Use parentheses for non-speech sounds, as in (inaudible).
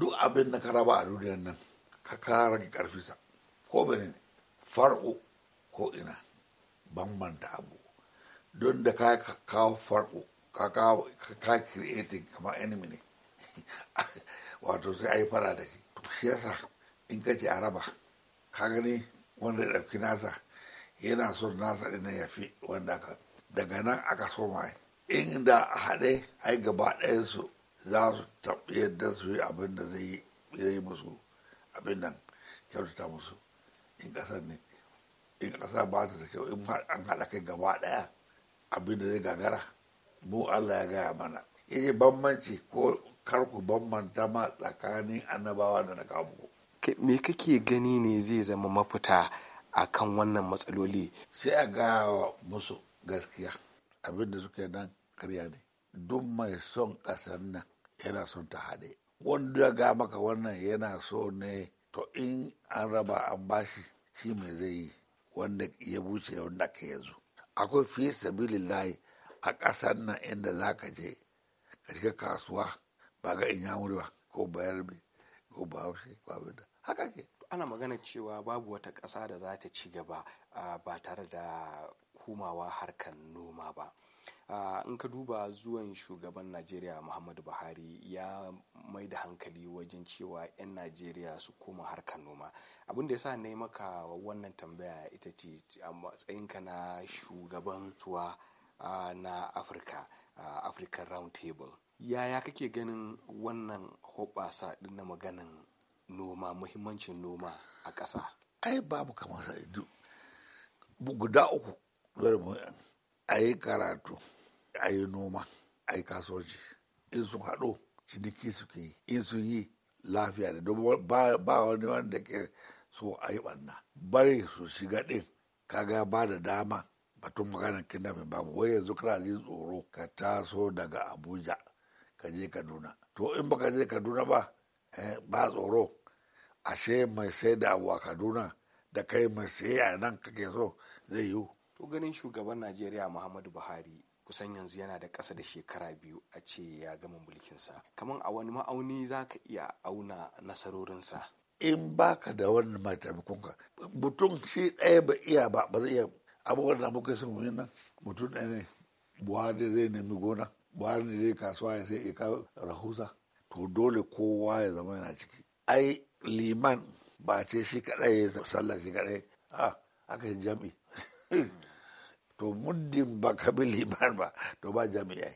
duk abin da ka raba a duniyar nan ka kara rage karfisa ko bane ne farko ko ina da abu don da ka kawo farko ka kawo ka creating kamar enemy ne (laughs) wato sai a yi fara da shi to shi yasa in ka ce a raba ka gani wanda ya ɗauki nasa yana son nasa ɗin ya fi wanda ka daga nan aka so ma in da a haɗe ai gaba ɗayan su za su yadda su yi abin da zai yi musu abin nan kyautata musu in ƙasar ne in ƙasa ba ta da kyau in an haɗa kai gaba ɗaya abin da zai gagara mu Allah ya gaya mana yace bambanci ko karku ku bambanta ma tsakanin annabawa da na kawo me kake gani ne zai zama mafita a kan wannan matsaloli sai a gaya musu gaskiya abin da suke nan karya ne duk mai son ƙasar nan yana son ta haɗe wanda ya ga maka wannan yana so ne to in an raba an bashi shi mai zai yi wanda ya buce wanda ka yanzu akwai fiye layi a ƙasar nan inda za ka je ka shiga kasuwa ba ga in ba ko bayarbe ko haushe ko abin da haka ke ana magana cewa babu wata ƙasa da za ta ci gaba ah, ba tare da komawa harkar noma ba in ka duba zuwan shugaban najeriya muhammadu buhari ya mai da hankali wajen cewa 'yan najeriya su koma harkar noma abin da ya sa yi maka wannan tambaya ita ce a matsayinka na shugaban tuwa na afirka african round table yaya kake ganin wannan hoɓasa din na maganin noma muhimmancin noma a ƙasa ai babu kamar sa'idu guda uku a yi karatu a yi noma a yi kasuwanci in sun haɗo ciniki suke yi in sun yi lafiya da ba wani wanda ke so a yi ɓanna bari su shiga ɗin kaga ba da dama batun maganar kidnapping babu wai yanzu kana jin tsoro ka taso daga abuja ka je kaduna to in baka je kaduna ba eh, ba tsoro ashe mai sai da abu kaduna da kai mai sai a nan kake so zai yiwu to shugaban najeriya muhammadu buhari kusan yanzu yana da ƙasa da shekara biyu a ce ya gama mulkinsa kamar a wani ma'auni za ka iya auna nasarorinsa in baka da wannan mai taimakonka mutum shi ɗaya ba iya ba ba zai iya abubuwan da muka sun wani nan mutum ɗaya ne buhari zai nemi gona buhari ne zai kasuwa ya sai ya rahusa to dole kowa ya zama yana ciki ai liman ba ce shi kaɗai ya sallah shi kaɗai a ah, aka yi jam'i (laughs) তো মুদ্দিম বা খাবিল ইমান বা তোবা জামিয়াই